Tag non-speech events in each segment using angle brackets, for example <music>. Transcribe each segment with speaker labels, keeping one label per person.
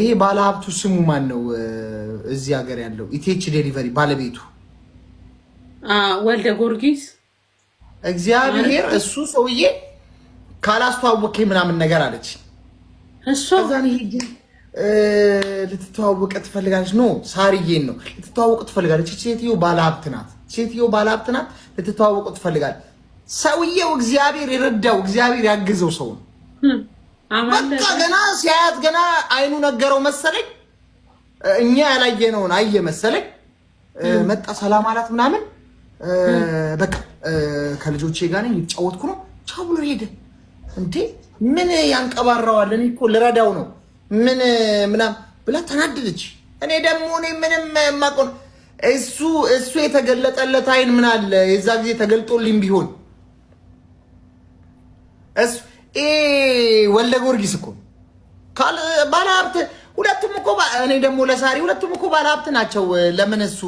Speaker 1: ይሄ ባለሀብቱ ስሙ ማን ነው? እዚህ ሀገር ያለው ኢቴች ዴሊቨሪ ባለቤቱ
Speaker 2: ወልደ ጎርጊስ
Speaker 1: እግዚአብሔር እሱ ሰውዬ ካላስተዋወቀ ምናምን ነገር አለች። እዛን ልትተዋወቀ ትፈልጋለች። ኖ ሳርዬን ነው ልትተዋወቁ ትፈልጋለች። ሴትዮ ባለሀብት ናት። ሴትዮ ባለሀብት ናት። ልትተዋወቁ ትፈልጋለች። ሰውዬው እግዚአብሔር የረዳው እግዚአብሔር ያገዘው ሰው ነው። በቃ ገና ሲያያት ገና አይኑ ነገረው መሰለኝ እኛ ያላየነውን አየ መሰለኝ መጣ ሰላም አላት ምናምን በቃ ከልጆቼ ጋር ነኝ የተጫወትኩ ነው ቻው ብሎ ሄደ እንዴ ምን ያንቀባረዋል እኔ እኮ ልረዳው ነው ምን ምናምን ብላ ተናደደች እኔ ደግሞ እኔ ምንም የማውቀው እሱ እሱ የተገለጠለት አይን ምን አለ የዛ ጊዜ ተገልጦልኝ ቢሆን እሱ ወልደ ጊዮርጊስ እኮ ባለሀብት ሁለቱም እኮ እኔ ደግሞ ለሳሪ ሁለቱም እኮ ባለሀብት ናቸው። ለምን እሱ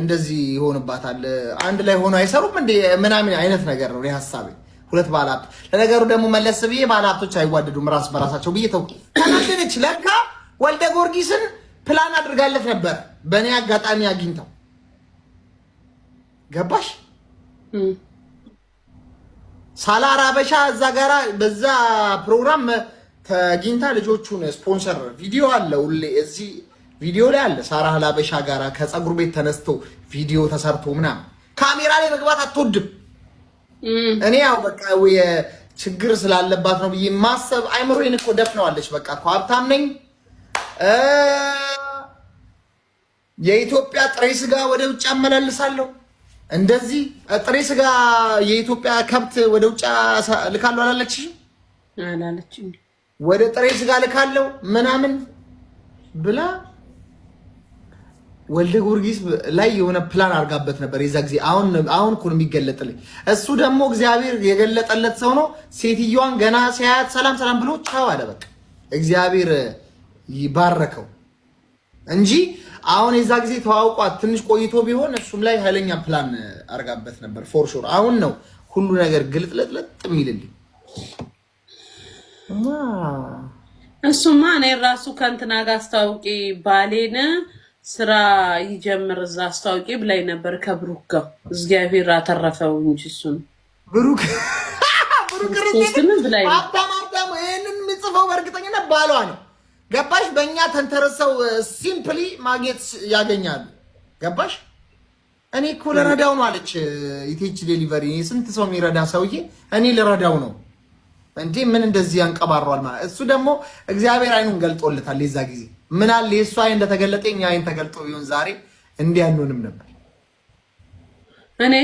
Speaker 1: እንደዚህ ይሆንባታል? አንድ ላይ ሆኖ አይሰሩም እንደ ምናምን አይነት ነገር ነው ሀሳቤ። ሁለት ባለሀብት ለነገሩ ደግሞ መለስ ብዬ ባለሀብቶች አይዋደዱም ራስ በራሳቸው ብዬ ተው ተናደደች። ለካ ወልደ ጊዮርጊስን ፕላን አድርጋለት ነበር በእኔ አጋጣሚ አግኝተው ገባሽ ሳላራ በሻ እዛ ጋራ በዛ ፕሮግራም ተግኝታ ልጆቹን ስፖንሰር ቪዲዮ አለ። ሁሌ እዚህ ቪዲዮ ላይ አለ። ሳራ ሀላበሻ ጋራ ከፀጉር ቤት ተነስቶ ቪዲዮ ተሰርቶ ምናምን ካሜራ ላይ መግባት አትወድም። እኔ ያው በቃ ችግር ስላለባት ነው ብዬ ማሰብ አይምሮዬን እኮ ደፍነዋለች። በቃ እኮ ሀብታም ነኝ የኢትዮጵያ ጥሬ ስጋ ወደ ውጭ አመላልሳለሁ። እንደዚህ ጥሬ ስጋ የኢትዮጵያ ከብት ወደ ውጭ ልካለሁ አላለችሽም? አላለችም። ወደ ጥሬ ስጋ ልካለው ምናምን ብላ ወልደ ጊዮርጊስ ላይ የሆነ ፕላን አድርጋበት ነበር የዛ ጊዜ። አሁን እኮ ነው የሚገለጥልኝ። እሱ ደግሞ እግዚአብሔር የገለጠለት ሰው ነው። ሴትዮዋን ገና ሲያያት ሰላም ሰላም ብሎ ቻው አለ። በቃ እግዚአብሔር ይባረከው እንጂ አሁን የዛ ጊዜ ተዋውቋት ትንሽ ቆይቶ ቢሆን እሱም ላይ ኃይለኛ ፕላን አድርጋበት ነበር ፎርሹር። አሁን ነው ሁሉ ነገር ግልጥለጥለጥ የሚልልኝ።
Speaker 2: እሱማ እኔ ራሱ ከእንትና ጋር አስታውቂ ባሌን ስራ ይጀምር እዛ አስታውቂ ብላይ ነበር ከብሩክ ጋር እግዚአብሔር አተረፈው እንጂ እሱን
Speaker 1: ብሩክ <laughs> ይህንን የምጽፈው በእርግጠኝነት ባሏ ነው። ገባሽ? በእኛ ተንተረሰው ሲምፕሊ ማግኘት ያገኛሉ። ገባሽ? እኔ እኮ ልረዳው ነው አለች። ኢቴች ዴሊቨሪ ስንት ሰው የሚረዳ ሰውዬ እኔ ልረዳው ነው እንዴ ምን እንደዚህ ያንቀባሯል ማለት እሱ ደግሞ እግዚአብሔር አይኑን ገልጦለታል። የዛ ጊዜ ምን አለ የእሱ አይን እንደተገለጠ አይን ተገልጦ ቢሆን ዛሬ እንዲህ አንሆንም ነበር። እኔ